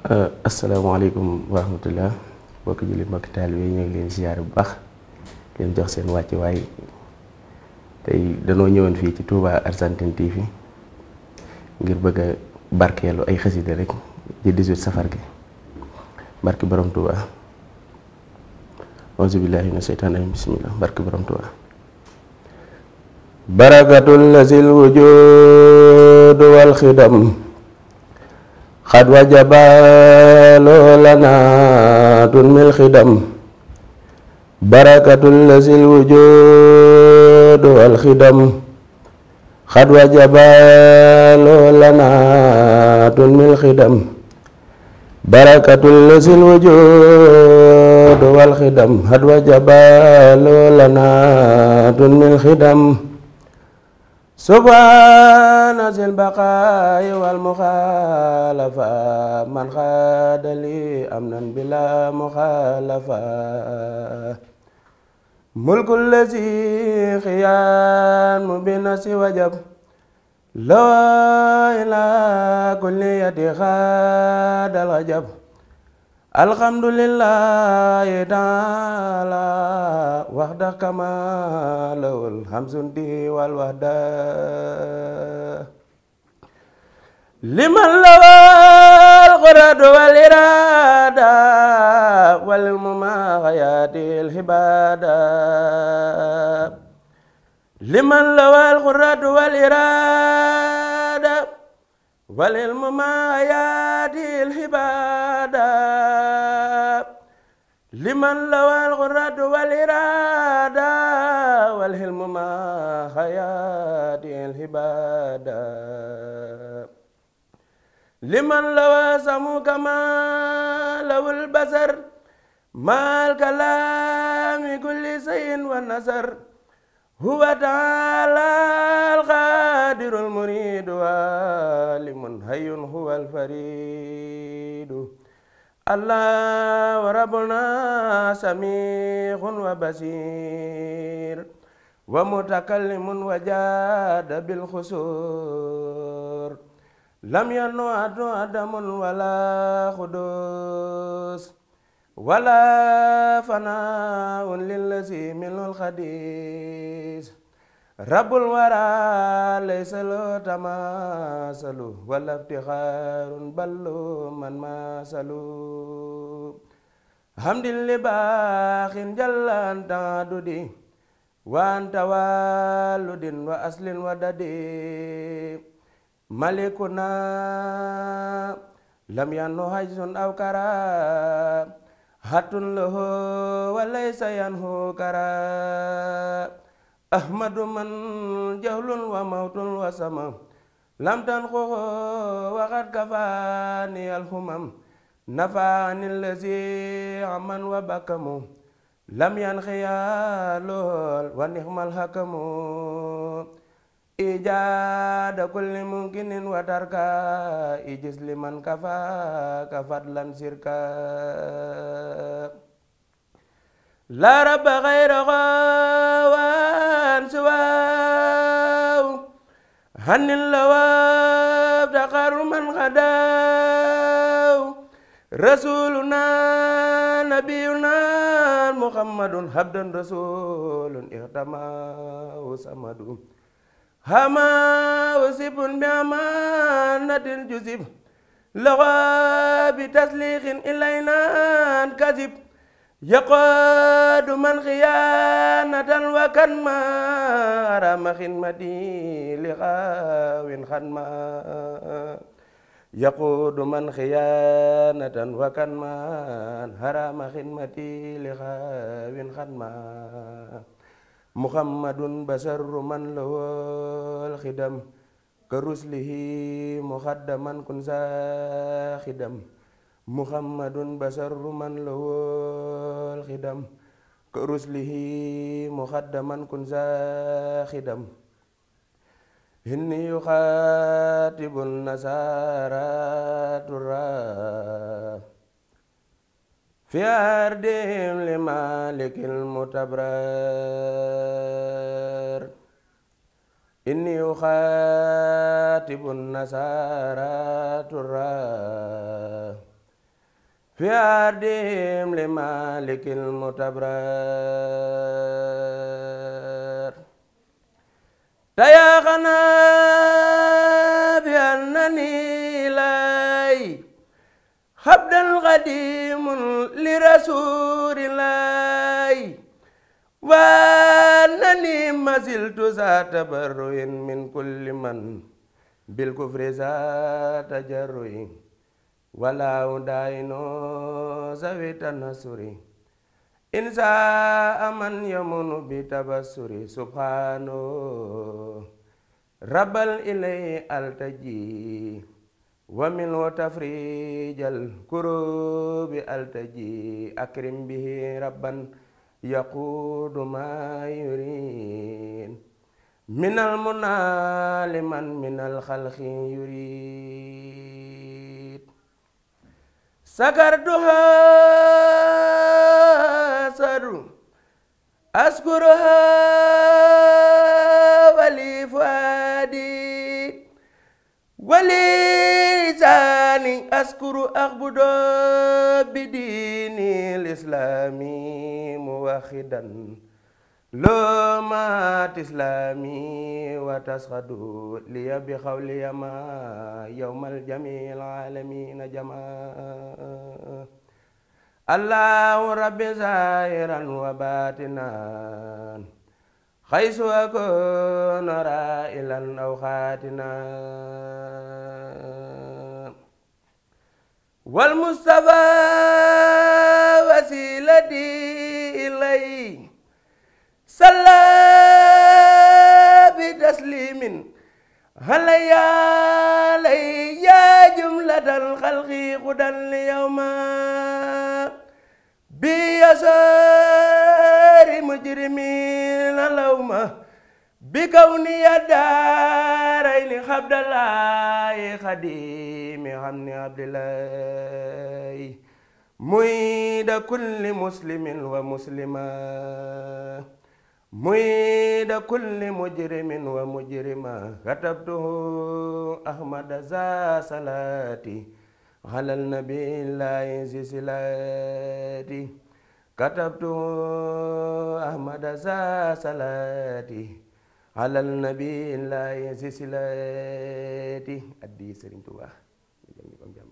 Euh, asalaamaaleykum wa rahmatullah mbokki jullit mbokki taalibe yi leen ziyaare bu baax leen jox seen wàcc waay tey danoo ñëwoon fii ci Touba Argentine TV ngir bëgg a barkeelu ay xasida rek di 18 safar gi barki borom Touba auzu billahi mina sheytaani rajiim bismillah barki borom Touba barakatul lazil wujud wal قد وجب لنا تنمي الخدم بركة الذي الوجود والخدم قد وجب لنا تنمي الخدم بركة الذي الوجود والخدم قد وجب لنا تنمي الخدم سبحان ذي البقاء والمخالفة من خاد لي أمنا بلا مخالفة ملك الذي خيان بنفس وجب لو إلى كل يد خاد الغجب alhamdulillahi taala waxda kama lawul hamsundi wal waxda liman lawal quradu wal irada wal mumaxayati alhibada liman lawal quradu wal irada walil mu maayaatil xibaada liman lawal xurratu wal iraada walil mu maayaatil xibaada liman lawa samu kama lawul basar maal kalaami kulli sayin wa nasar huwa taala alqadiru almuridu alimun hayyun huwa alfaridu allah wa rabbuna samihun wa basir wa mutakallimun wa jada bilxusur lam yannu adu adamun wala xudus ولا فناء للذي منه الخديث رب الورى ليس له تماثل ولا افتخار بل من ماثل حمد لباخ جل عن تعدد وعن توالد وأصل ودد ملكنا لم ينه هجس أو كرام hatun lahu wa laysa yanhu kara ahmadu man jahlun wa mawtun wa sama lam tanxuhu wa qad kafani alhumam nafaani allazi aman wa bakamu lam yanxiya lool wa nixmal hakamu ijaada kulli mumkinin wa ijis liman kafa kafat lan sirka la rabba xayra waan siwaaw hanin lawaab taqaru man xadaaw rasuluna nabiyuna muhammadun habdan rasulun ixtamaaw samadun هما وسب بأمانة جزب لغى بتسليخ إلينا كذب يقاد من خيانة وكان ما رام خدمتي لغاو خدما يقود من خيانة وكان ما رام خدمتي لغاو خدما muhammadun basharru man lawal xidam ka ruslihi muxaddaman kun saa xidam muhammadun basharru man la lawal xidam ka ruslihi muxaddaman kun saa xidam inni yuxaatibun nasaara turaa في أرضهم لمالك المتبرر إني أخاطب النصارى ترى في أرضهم لمالك المتبرر تياغنا خديم لرسول الله وأنني ما زلت ذا تبرع من كل من بالكفر ذا تجرع ولا أدائن ذوي تنصر إن شاء من يمن بتبصر سبحانه رب الإله التجي ومن وتفريج الكروب التجي أكرم به ربا يقود ما يريد من المنى لمن من الخلق يريد سكرتها سر أذكرها ولي فادي ولي askuru axbudo bi diini lislaami muwaxidan loomaat islaami wa tasxadu liya bi xawli yama yowmal jamil alamina rabbi zahiran wa batinan xaysu akoon railan والمصطفى وسيلتي إليه صلى بتسليم هل يا لي يا جملة الخلق غدا ليوما بيسر بكوني الدارين عبد الله خديم عن عبد الله ميد كل مسلم ومسلمة ميد كل مجرم ومجرمة كتبته أحمد ذا صلاتي على النبي الله زي صلاتي كتبته أحمد ذا صلاتي alal nabi lay si si laati addi Sëriñ Tuubaa ñu jëm ñu